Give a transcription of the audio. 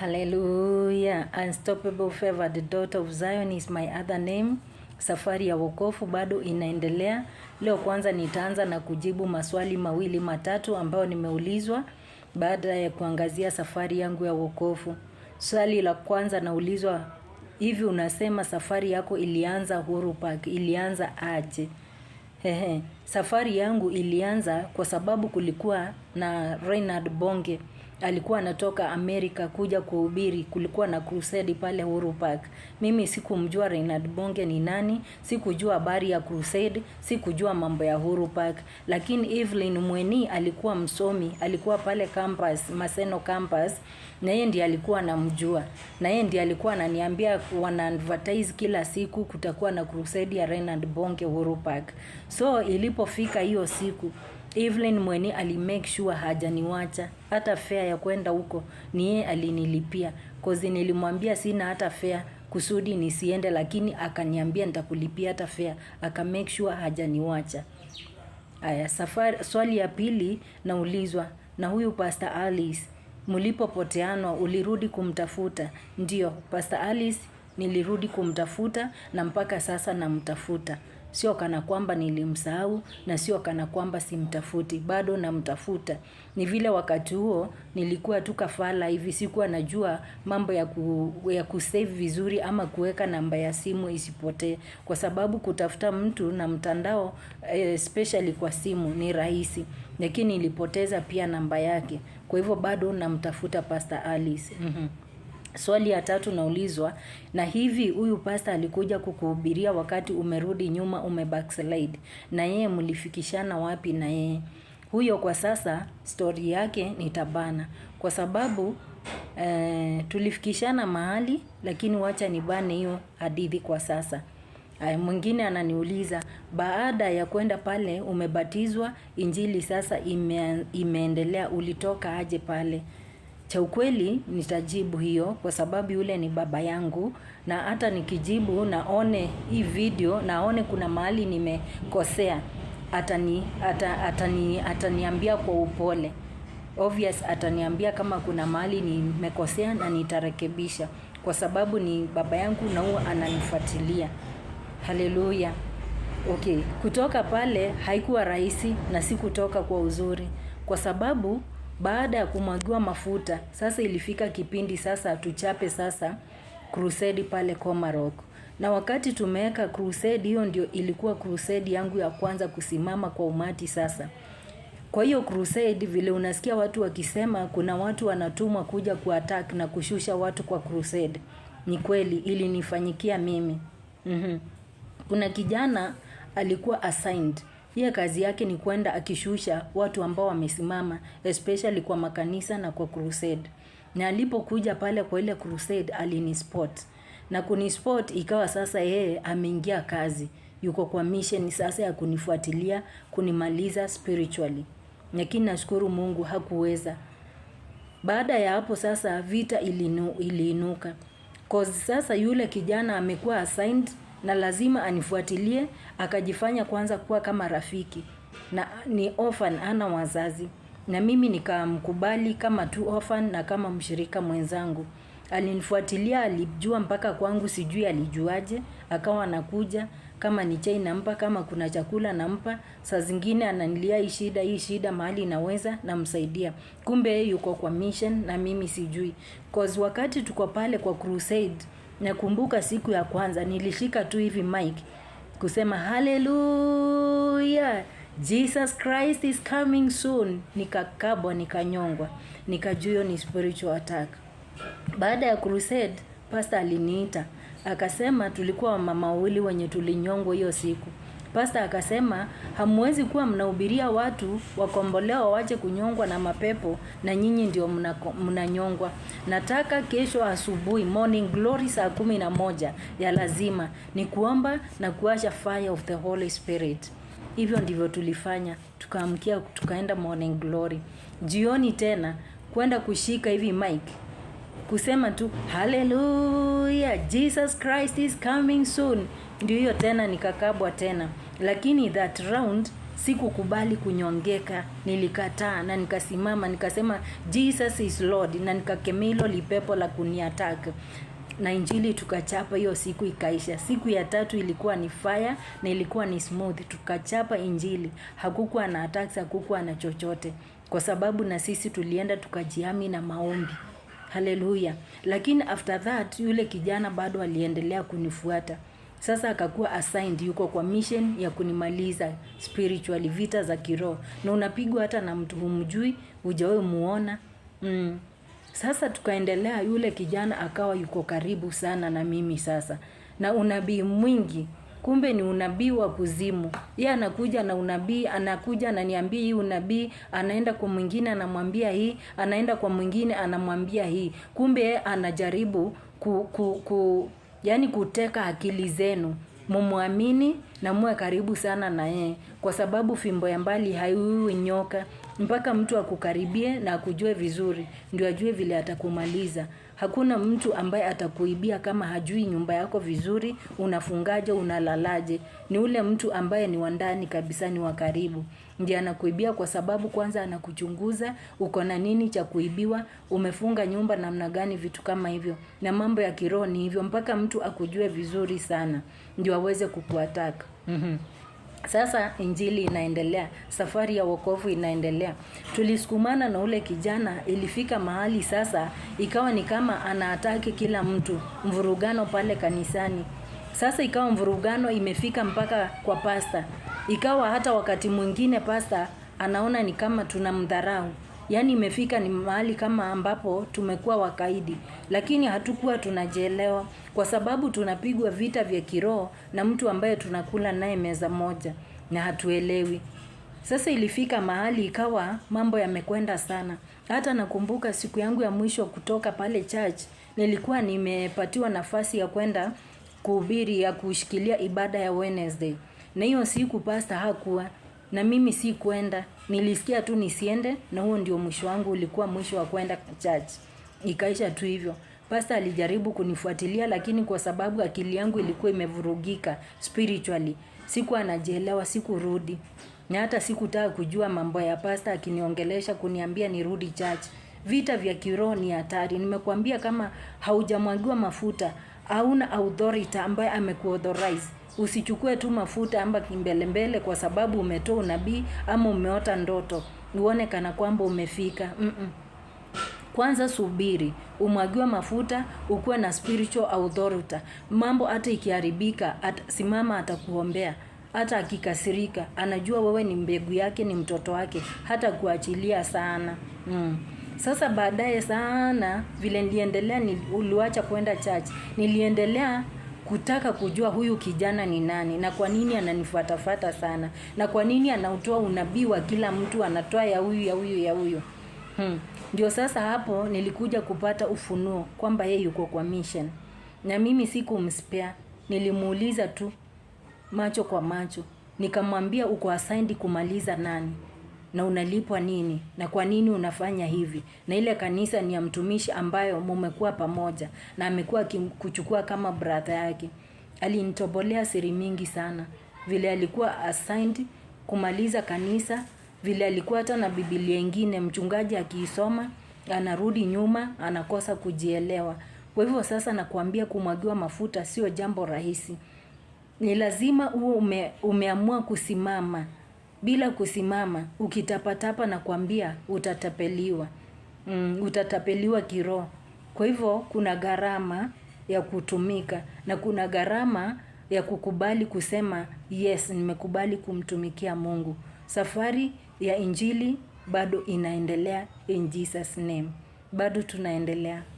Haleluya. Unstoppable favor, the daughter of Zion is my other name. Safari ya wokovu bado inaendelea. Leo kwanza nitaanza na kujibu maswali mawili matatu ambayo nimeulizwa baada ya kuangazia safari yangu ya wokovu. Swali la kwanza naulizwa hivi, unasema safari yako ilianza Huru Park, ilianza aje? Hehe. safari yangu ilianza kwa sababu kulikuwa na Reinhard Bonge alikuwa anatoka Amerika kuja kuhubiri. Kulikuwa na crusade pale Uhuru Park. Mimi sikumjua Reinhard Bonge ni nani, sikujua habari ya crusade, sikujua mambo ya Uhuru Park, lakini Evelyn Mweni alikuwa msomi, alikuwa pale campus, Maseno campus, na yeye ndiye alikuwa anamjua, na yeye ndiye alikuwa ananiambia wana advertise kila siku kutakuwa na crusade ya Reinhard Bonge Uhuru Park. So ilipofika hiyo siku Evelyn Mweni alimake sure hajaniwacha hata fare ya kwenda huko ni yeye alinilipia cause nilimwambia sina hata fare kusudi nisiende, lakini akaniambia nitakulipia hata fare, aka make sure hajaniwacha. Aya, safari. Swali ya pili naulizwa na huyu Pastor Alice, mlipopoteanwa ulirudi kumtafuta? ndio Pastor Alice nilirudi kumtafuta na mpaka sasa namtafuta. Sio kana kwamba nilimsahau na sio kana kwamba simtafuti, bado namtafuta. Ni vile wakati huo nilikuwa tu kafala hivi, sikuwa najua mambo ya, ku, ya kusave vizuri ama kuweka namba ya simu isipotee, kwa sababu kutafuta mtu na mtandao eh, especially kwa simu ni rahisi, lakini nilipoteza pia namba yake. Kwa hivyo bado namtafuta Pastor Alice. Mhm. Swali ya tatu naulizwa na hivi huyu pasta alikuja kukuhubiria wakati umerudi nyuma umebackslide na yeye mlifikishana wapi na yeye? Huyo kwa sasa story yake ni tabana, kwa sababu eh, tulifikishana mahali lakini wacha nibane hiyo hadithi kwa sasa. Eh, mwingine ananiuliza baada ya kwenda pale umebatizwa, injili sasa ime, imeendelea, ulitoka aje pale? Cha ukweli nitajibu hiyo kwa sababu yule ni baba yangu na hata nikijibu naone hii video naone kuna mahali nimekosea. Atani ata, atani ataniambia kwa upole. Obvious ataniambia kama kuna mahali nimekosea na nitarekebisha kwa sababu ni baba yangu na huwa ananifuatilia. Haleluya. Okay, kutoka pale haikuwa rahisi na si kutoka kwa uzuri kwa sababu baada ya kumwagiwa mafuta, sasa ilifika kipindi sasa tuchape sasa crusade pale Comarock. Na wakati tumeweka crusade hiyo ndio ilikuwa crusade yangu ya kwanza kusimama kwa umati sasa. Kwa hiyo crusade vile unasikia watu wakisema kuna watu wanatumwa kuja kuattack na kushusha watu kwa crusade. Ni kweli ilinifanyikia mimi. Mm -hmm. Kuna kijana alikuwa assigned yeye kazi yake ni kwenda akishusha watu ambao wamesimama especially kwa makanisa na kwa crusade. Na alipokuja pale kwa ile crusade alinispot. Na kunispot ikawa sasa yeye ameingia kazi. Yuko kwa mission sasa ya kunifuatilia, kunimaliza spiritually. Lakini nashukuru Mungu hakuweza. Baada ya hapo sasa vita iliinuka. Cause sasa yule kijana amekuwa assigned na lazima anifuatilie akajifanya kwanza kuwa kama rafiki na ni orphan ana wazazi na mimi nikamkubali kama tu orphan na kama mshirika mwenzangu. Alinifuatilia alijua mpaka kwangu sijui alijuaje, akawa anakuja kama ni chai nampa, kama kuna chakula nampa, saa zingine ananilia hii shida hii shida mahali naweza namsaidia. Kumbe yuko kwa mission na mimi sijui. Cause wakati tuko pale kwa crusade Nakumbuka siku ya kwanza nilishika tu hivi mic kusema haleluya, Jesus Christ is coming soon. Nikakabwa, nikanyongwa, nikajua hiyo ni spiritual attack. Baada ya crusade, pastor aliniita akasema tulikuwa mama wawili wenye tulinyongwa hiyo siku. Pasta akasema, hamwezi kuwa mnahubiria watu wakombolewa waje kunyongwa na mapepo na nyinyi ndio mnanyongwa. Nataka kesho asubuhi morning glory saa kumi na moja ya lazima ni kuomba na kuasha fire of the Holy Spirit. Hivyo ndivyo tulifanya, tukaamkia tukaenda morning glory. Jioni tena kwenda kushika hivi mic kusema tu haleluya, Jesus Christ is coming soon, ndio hiyo tena, nikakabwa tena. Lakini that round sikukubali kunyongeka, nilikataa na nikasimama, nikasema Jesus is Lord, na nikakemea hilo lipepo la kuniatak na injili tukachapa. Hiyo siku ikaisha. Siku ya tatu ilikuwa ni fire na ilikuwa ni smooth, tukachapa injili. Hakukuwa na attacks, hakukuwa na chochote, kwa sababu na sisi tulienda tukajiami na maombi. Haleluya. Lakini after that yule kijana bado aliendelea kunifuata. Sasa akakuwa assigned, yuko kwa mission ya kunimaliza spiritually, vita za kiroho, na unapigwa hata na mtu humjui, hujawahi muona. Mm. Sasa tukaendelea, yule kijana akawa yuko karibu sana na mimi sasa, na unabii mwingi kumbe ni unabii wa kuzimu. ye anakuja na unabii, anakuja ananiambia hii unabii, anaenda kwa mwingine anamwambia hii, anaenda kwa mwingine anamwambia hii. Kumbe anajaribu ku, ku, ku yani kuteka akili zenu mumwamini na muwe karibu sana na yeye, kwa sababu fimbo ya mbali haiui nyoka mpaka mtu akukaribie na akujue vizuri, ndio ajue vile atakumaliza. Hakuna mtu ambaye atakuibia kama hajui nyumba yako vizuri, unafungaje, unalalaje. Ni ule mtu ambaye ni wandani kabisa, ni wa karibu, ndiye anakuibia, kwa sababu kwanza anakuchunguza, uko na nini cha kuibiwa, umefunga nyumba namna gani, vitu kama hivyo. Na mambo ya kiroho ni hivyo, mpaka mtu akujue vizuri sana ndio aweze kukuataka. mm -hmm. Sasa injili inaendelea, safari ya wokovu inaendelea. Tulisukumana na ule kijana, ilifika mahali sasa ikawa ni kama anaataki kila mtu, mvurugano pale kanisani. Sasa ikawa mvurugano imefika mpaka kwa pasta, ikawa hata wakati mwingine pasta anaona ni kama tunamdharau yani imefika ni mahali kama ambapo tumekuwa wakaidi, lakini hatukuwa tunajelewa kwa sababu tunapigwa vita vya kiroho na mtu ambaye tunakula naye meza moja na hatuelewi. Sasa ilifika mahali ikawa mambo yamekwenda sana. Hata nakumbuka siku yangu ya mwisho kutoka pale church, nilikuwa nimepatiwa nafasi ya kwenda kuhubiri ya kushikilia ibada ya Wednesday. Na hiyo siku pasta hakuwa na mimi si kwenda, nilisikia tu nisiende, na huo ndio mwisho wangu, ulikuwa mwisho wa kwenda church. Ikaisha tu hivyo. Pasta alijaribu kunifuatilia, lakini kwa sababu akili yangu ilikuwa imevurugika spiritually, anajielewa siku rudi na hata sikutaka kujua mambo ya pasta akiniongelesha kuniambia nirudi church. Vita vya kiroho ni hatari. Nimekuambia kama haujamwagiwa mafuta, hauna authority ambaye amekuauthorize Usichukue tu mafuta amba kimbelembele kwa sababu umetoa unabii ama umeota ndoto. Uone kana kwamba umefika. Mm -mm. Kwanza subiri, umwagiwe mafuta, ukuwe na spiritual authority. Mambo hata ikiharibika, at, simama atakuombea. Hata akikasirika, anajua wewe ni mbegu yake, ni mtoto wake, hata kuachilia sana. Mm. Sasa baadaye sana vile niliendelea, niliacha kwenda church. Niliendelea kutaka kujua huyu kijana ni nani na kwa nini ananifuatafuata sana na kwa nini anautoa unabii wa kila mtu anatoa ya huyu ya huyu ya huyu hmm. Ndio sasa hapo nilikuja kupata ufunuo kwamba yeye yuko kwa mission, na mimi sikumspea, nilimuuliza tu macho kwa macho, nikamwambia uko assigned kumaliza nani? na unalipwa nini na kwa nini unafanya hivi, na ile kanisa ni ya mtumishi ambayo mumekuwa pamoja na amekuwa kuchukua kama brother yake. Alinitobolea siri mingi sana, vile alikuwa assigned kumaliza kanisa, vile alikuwa hata na Biblia ingine mchungaji akiisoma anarudi nyuma, anakosa kujielewa. Kwa hivyo sasa nakwambia kumwagiwa mafuta sio jambo rahisi. Ni lazima uwe ume, umeamua kusimama bila kusimama ukitapatapa na kuambia utatapeliwa. Mm, utatapeliwa kiroho. Kwa hivyo kuna gharama ya kutumika na kuna gharama ya kukubali kusema yes, nimekubali kumtumikia Mungu. Safari ya injili bado inaendelea in Jesus name. Bado tunaendelea.